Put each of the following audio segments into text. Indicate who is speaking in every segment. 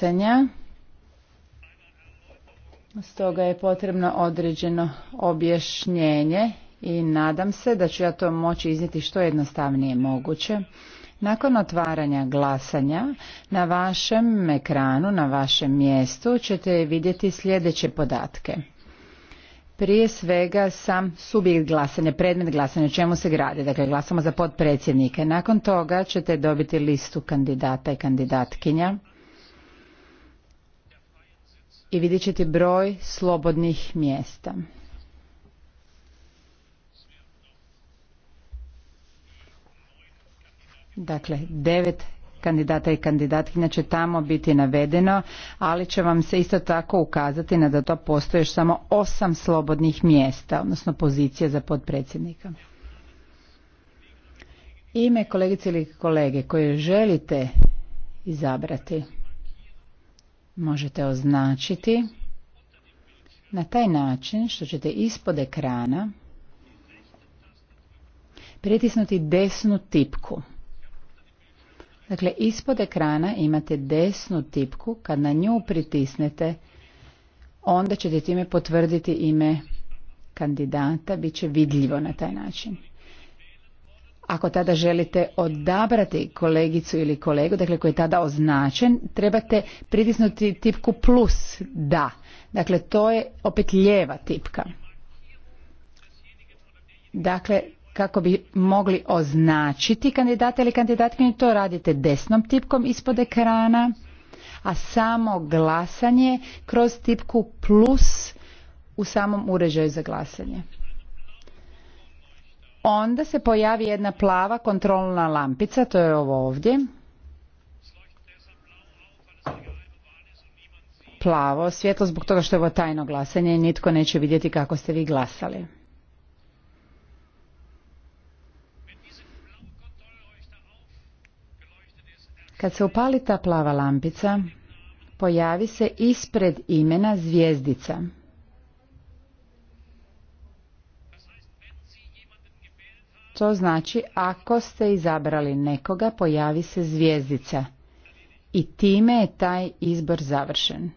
Speaker 1: krcanja. Stoga je potrebno određeno objašnjenje i nadam se da ću ja to moći izniti što jednostavnije moguće. Nakon otvaranja glasanja na vašem ekranu, na vašem mjestu ćete vidjeti sljedeće podatke. Prije svega sam subjekt glasanja, predmet glasanja, o čemu se gradi. Dakle, glasamo za potpredsjednike. Nakon toga ćete dobiti listu kandidata i kandidatkinja i vidjet ćete broj slobodnih mjesta. Dakle, devet kandidata i kandidatkinja će tamo biti navedeno, ali će vam se isto tako ukazati na da to postoje još samo osam slobodnih mjesta, odnosno pozicija za podpredsjednika. Ime kolegice ili kolege koje želite izabrati možete označiti na taj način što ćete ispod ekrana pritisnuti desnu tipku. Dakle, ispod ekrana imate desnu tipku, kad na nju pritisnete, onda ćete time potvrditi ime kandidata, bit će vidljivo na taj način. Ako tada želite odabrati kolegicu ili kolegu, dakle koji je tada označen, trebate pritisnuti tipku plus da. Dakle, to je opet lijeva tipka. Dakle, kako bi mogli označiti kandidate ili kandidatkinju, to radite desnom tipkom ispod ekrana, a samo glasanje kroz tipku plus u samom uređaju za glasanje onda se pojavi jedna plava kontrolna lampica, to je ovo ovdje. Plavo svjetlo zbog toga što je ovo tajno glasanje i nitko neće vidjeti kako ste vi glasali. Kad se upali ta plava lampica, pojavi se ispred imena zvijezdica. To znači ako ste izabrali nekoga pojavi se zvijezdica i time je taj izbor završen.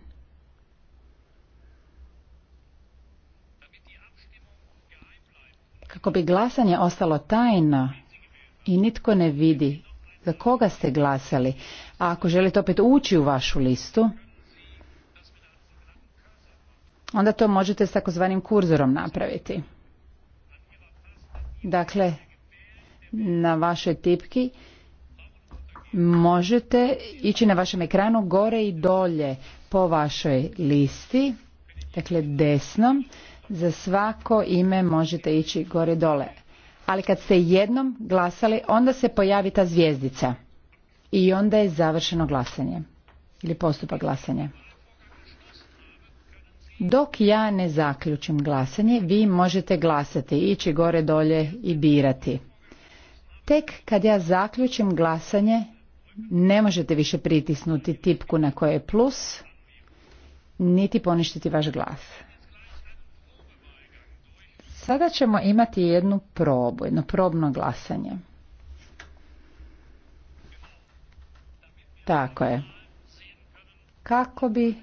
Speaker 1: Kako bi glasanje ostalo tajno i nitko ne vidi za koga ste glasali, a ako želite opet ući u vašu listu, onda to možete s takozvanim kurzorom napraviti. Dakle, na vašoj tipki možete ići na vašem ekranu gore i dolje po vašoj listi, dakle desnom, za svako ime možete ići gore i dole. Ali kad ste jednom glasali, onda se pojavi ta zvijezdica i onda je završeno glasanje ili postupak glasanja. Dok ja ne zaključim glasanje, vi možete glasati, ići gore dolje i birati. Tek kad ja zaključim glasanje, ne možete više pritisnuti tipku na koje je plus, niti poništiti vaš glas. Sada ćemo imati jednu probu, jedno probno glasanje. Tako je. Kako bi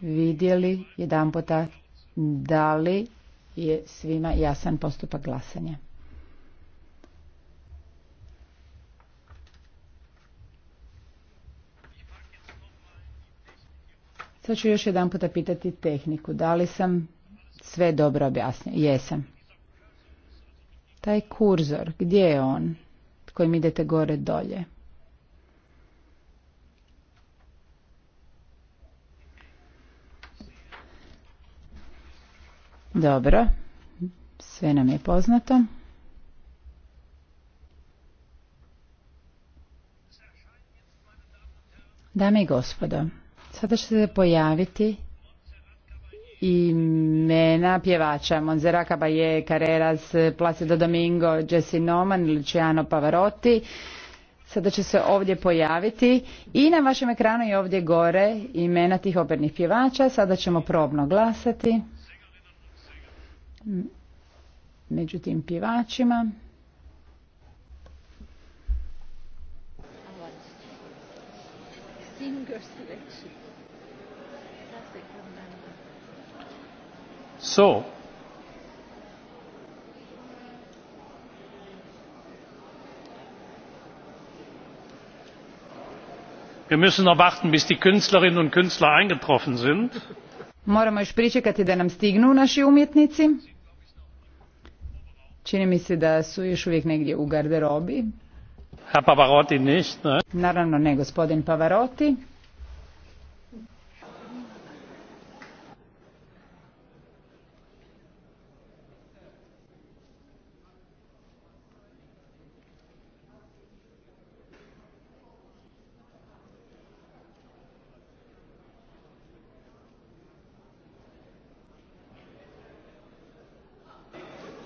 Speaker 1: vidjeli jedan puta da li je svima jasan postupak glasanja. Sad ću još jedan puta pitati tehniku. Da li sam sve dobro objasnio? Jesam. Taj kurzor, gdje je on? Kojim idete gore dolje? Dobro, sve nam je poznato. Dame i gospodo, Sada će se pojaviti imena pjevača Monzera Caballé, Carreras, Placido Domingo, Jesse Noman, Luciano Pavarotti. Sada će se ovdje pojaviti i na vašem ekranu i ovdje gore imena tih opernih pjevača. Sada ćemo probno glasati među tim pjevačima. Singer selection.
Speaker 2: So. Wir müssen noch warten, bis die Künstlerinnen und Künstler eingetroffen sind.
Speaker 1: Moramo još pričekati da nam stignu naši umjetnici. Čini mi se da su još uvijek negdje u garderobi.
Speaker 2: Herr Pavarotti nicht, ne?
Speaker 1: Naravno ne, gospodin Pavarotti.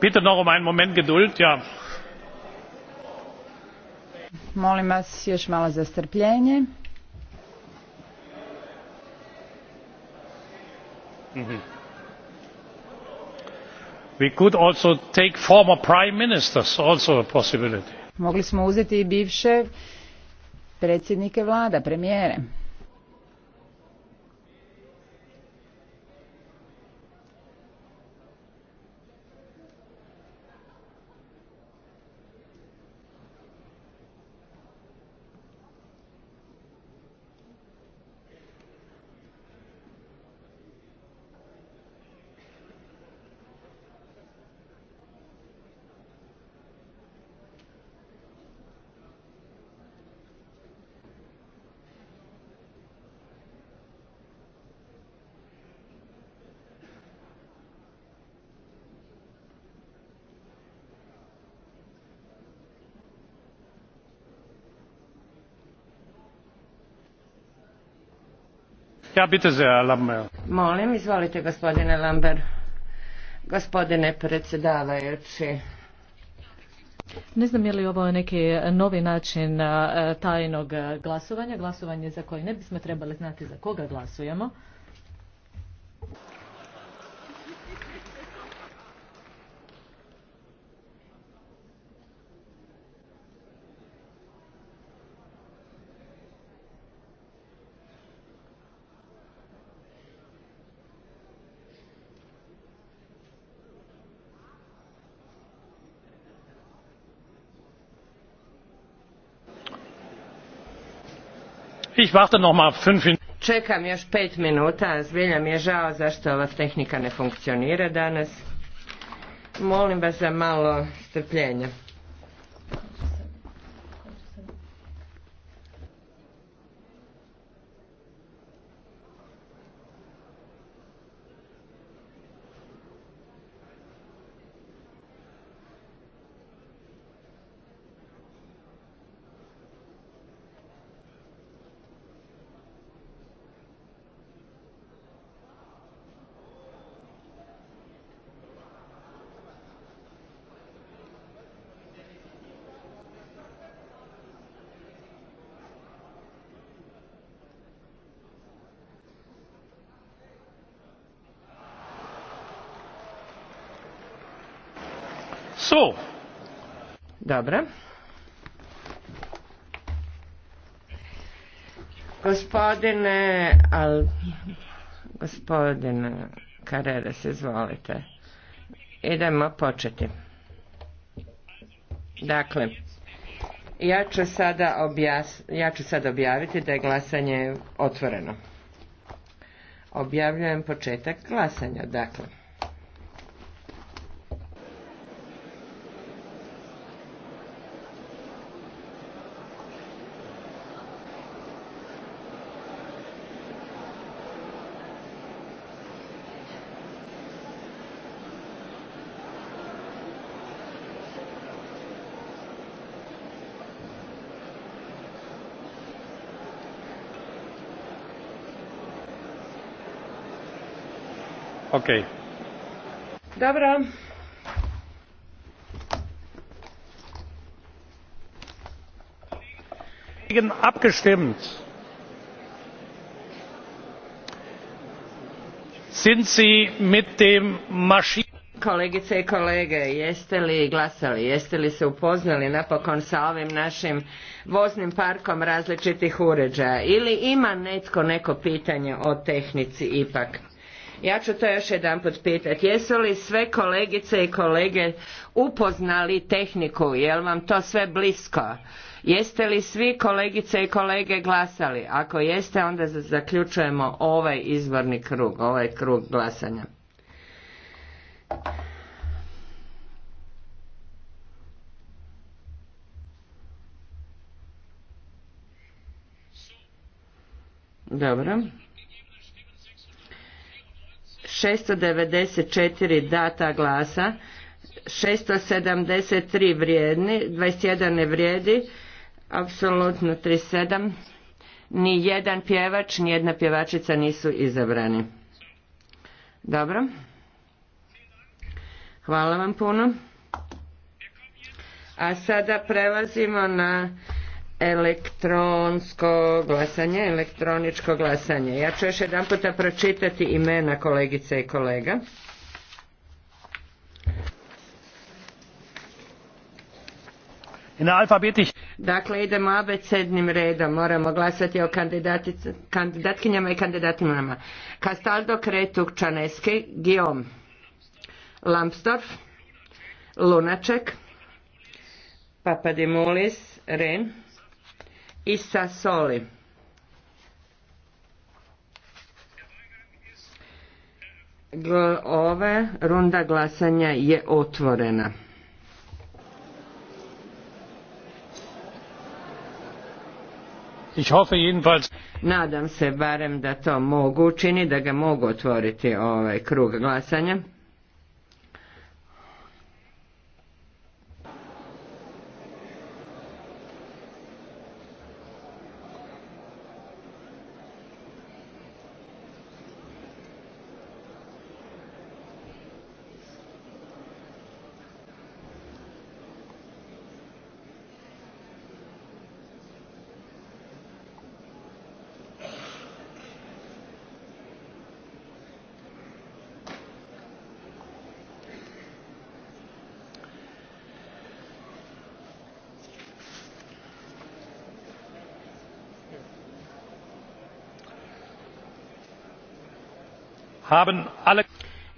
Speaker 2: bitte noch um einen moment geduld ja
Speaker 1: molim vas još malo za strpljenje mhm.
Speaker 2: we could also take former prime ministers also a possibility
Speaker 1: mogli smo uzeti i bivše predsjednike vlada premijere
Speaker 3: Molim, izvolite gospodine Lamber, Gospodine predsjedavajući,
Speaker 1: ne znam je li ovo neki novi način eh, tajnog glasovanja, glasovanje za koje ne bismo trebali znati za koga glasujemo.
Speaker 3: Čekam još pet minuta, zbilja mi je žao zašto ova tehnika ne funkcionira danas. Molim vas za malo strpljenja. So. Dobro. Gospodine, al, gospodine se izvolite. Idemo početi. Dakle, ja ću sada, objas, ja ću sada objaviti da je glasanje otvoreno. Objavljujem početak glasanja, dakle. Dobro. Kolegice i kolege, jeste li glasali, jeste li se upoznali napokon sa ovim našim voznim parkom različitih uređaja ili ima netko neko pitanje o tehnici ipak? Ja ću to još jedanput pitati. Jesu li sve kolegice i kolege upoznali tehniku? Jel vam to sve blisko? Jeste li svi kolegice i kolege glasali? Ako jeste, onda zaključujemo ovaj izborni krug, ovaj krug glasanja. Dobro. 694 data glasa, 673 vrijedni, 21 ne vrijedi, apsolutno 37, ni jedan pjevač, ni jedna pjevačica nisu izabrani. Dobro. Hvala vam puno. A sada prelazimo na elektronsko glasanje, elektroničko glasanje. Ja ću još jedan puta pročitati imena kolegice i kolega. In Dakle, idemo abecednim redom. Moramo glasati o kandidatkinjama i kandidatinama. Kastaldo Kretuk, Čaneski, Gijom, Lampstorf, Lunaček, Papadimulis, Ren, i sa Soli. Ove runda glasanja je otvorena. Nadam se barem da to mogu učiniti, da ga mogu otvoriti ovaj krug glasanja.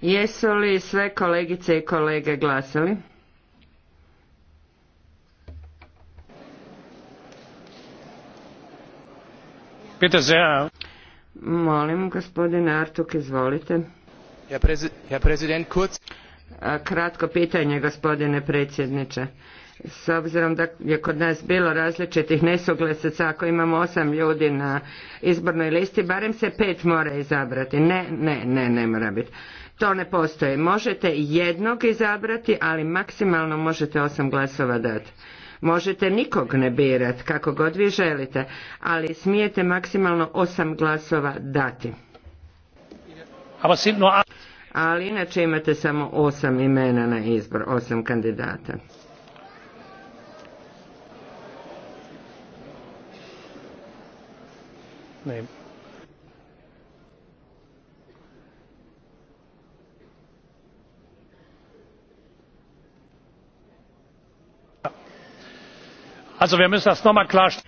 Speaker 3: Jesu li sve kolegice i kolege glasali? Molim, gospodine Artuk, izvolite. Ja, Kratko pitanje, gospodine predsjedniče s obzirom da je kod nas bilo različitih nesuglasica, ako imamo osam ljudi na izbornoj listi, barem se pet mora izabrati. Ne, ne, ne, ne mora biti. To ne postoji. Možete jednog izabrati, ali maksimalno možete osam glasova dati. Možete nikog ne birati, kako god vi želite, ali smijete maksimalno osam glasova dati. Ali inače imate samo osam imena na izbor, osam kandidata. nehmen.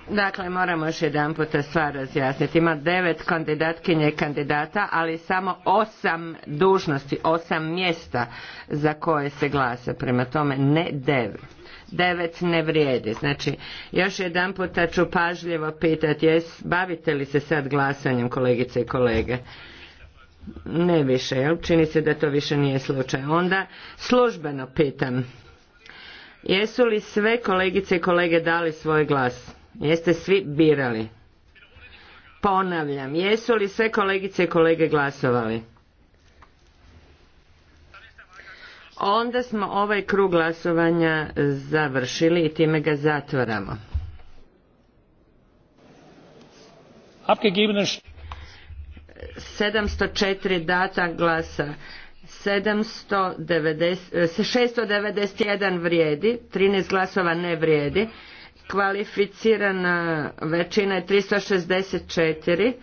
Speaker 3: dakle moramo još jedanput stvar razjasniti ima devet kandidatkinje i kandidata ali samo osam dužnosti osam mjesta za koje se glasa prema tome ne devet Devet ne vrijedi. Znači, još jedan puta ću pažljivo pitati, bavite li se sad glasanjem, kolegice i kolege? Ne više, jel? Čini se da to više nije slučaj. Onda službeno pitam, jesu li sve kolegice i kolege dali svoj glas? Jeste svi birali? Ponavljam, jesu li sve kolegice i kolege glasovali? Onda smo ovaj krug glasovanja završili i time ga zatvaramo. Abgegebene 704 data glasa, 790, 691 eh, vrijedi, 13 glasova ne vrijedi, kvalificirana većina je 364,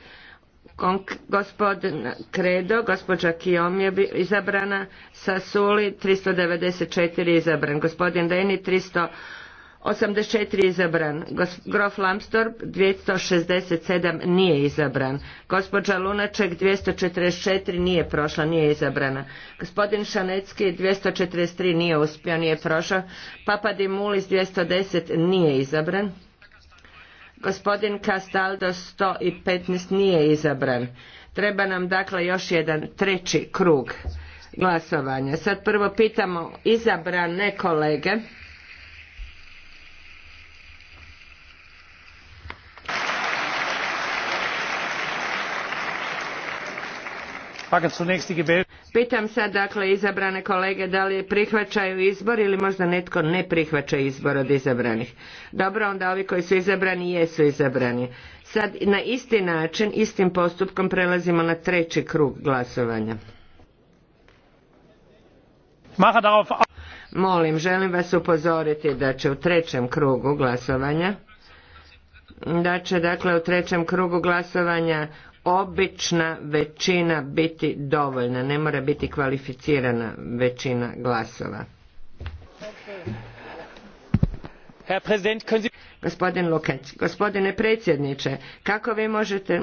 Speaker 3: Gospodin Kredo, gospođa Kijom je izabrana, Sasuli 394 izabran, gospodin Deni 384 izabran, Grof šezdeset 267 nije izabran, gospođa Lunaček 244 nije prošla, nije izabrana, gospodin Šanecki 243 nije uspio, nije prošao, dvjesto 210 nije izabran. Gospodin Castaldo 115 nije izabran. Treba nam dakle još jedan treći krug glasovanja. Sad prvo pitamo izabrane kolege. su Pitam sad dakle izabrane kolege da li prihvaćaju izbor ili možda netko ne prihvaća izbor od izabranih. Dobro, onda ovi koji su izabrani jesu izabrani. Sad na isti način, istim postupkom prelazimo na treći krug glasovanja. Molim, želim vas upozoriti da će u trećem krugu glasovanja da će dakle u trećem krugu glasovanja obična većina biti dovoljna, ne mora biti kvalificirana većina glasova. Lukac, gospodine predsjedniče, kako vi možete...